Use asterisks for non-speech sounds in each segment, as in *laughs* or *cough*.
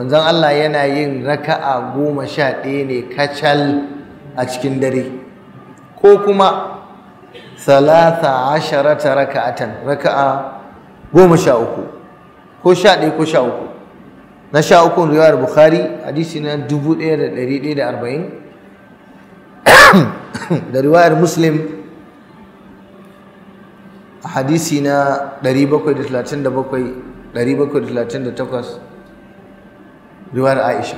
manzon Allah yana yin raka'a goma sha ɗaya ne kacal a cikin dare ko kuma salasa asharata raka'atan raka'a goma sha uku ko sha ɗaya ko sha uku na sha uku riwayar bukhari hadisi na dubu ɗaya da ɗari ɗaya da arba'in *coughs* da riwayar muslim hadisi na ɗari bakwai da talatin da bakwai ɗari bakwai da talatin da takwas riwayar aisha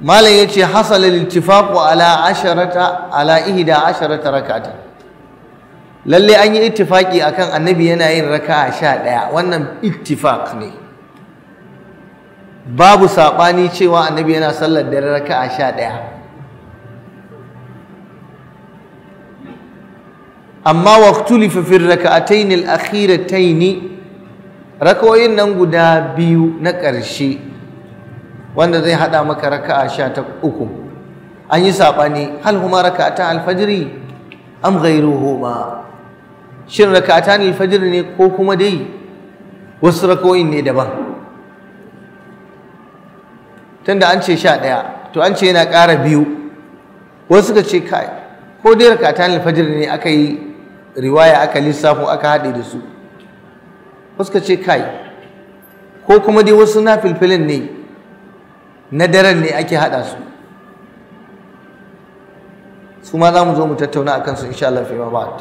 malam ya ce hasalin littifaku ala asharata ala ihda asharata rakata lalle an yi ittifaki akan annabi yana yin a sha ɗaya wannan ittifak ne babu saɓani cewa annabi yana sallar raka a sha ɗaya amma waktulifa fi a al-akhiratayn rakawoyin nan guda biyu na ƙarshe wanda zai haɗa maka raka'a sha ta uku an yi saɓani hal huma raka'ata alfajiri am ghairuhuma shin raka'atan alfajiri ne ko kuma dai wasu rakawoyin ne daban tunda an ce sha ɗaya to an ce yana ƙara biyu wasu suka ce kai ko dai raka'atan alfajiri ne aka yi riwaya aka lissafo aka haɗe da su suka ce kai ko kuma dai wasu na filfilin ne na daren ne ake haɗa su su ma za mu zo mu tattauna a kansu insha Allah fiye ba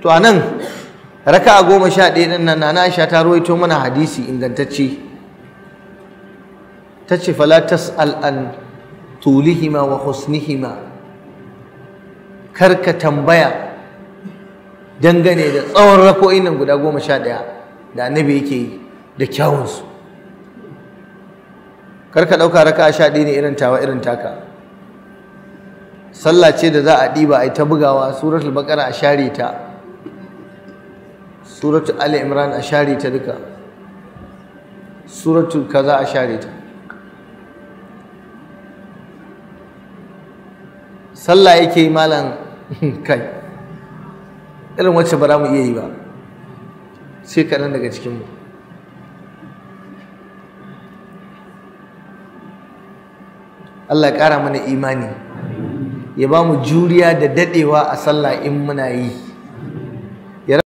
to a nan raka a goma sha ɗaya ɗin nan na Aisha ta ruwaito mana hadisi ingantacce ta ce fala tas'al an tulihima wa husnihima karka tambaya dangane da tsawon rako'in nan guda goma sha ɗaya da annabi yake yi da kyawunsu kar ka ɗauka raka sha ɗaya ne irin tawa irin taka sallah ce da za a ɗiba a yi ta bugawa suratul baƙara a share ta suratul ali imran a share ta duka suratul kaza a share ta sallah yake yi malam *laughs* kai irin wacce ba za mu iya yi ba sai kaɗan daga cikinmu Allah ya ƙara mana imani ya ba mu juriya da daɗewa a sallah in muna yi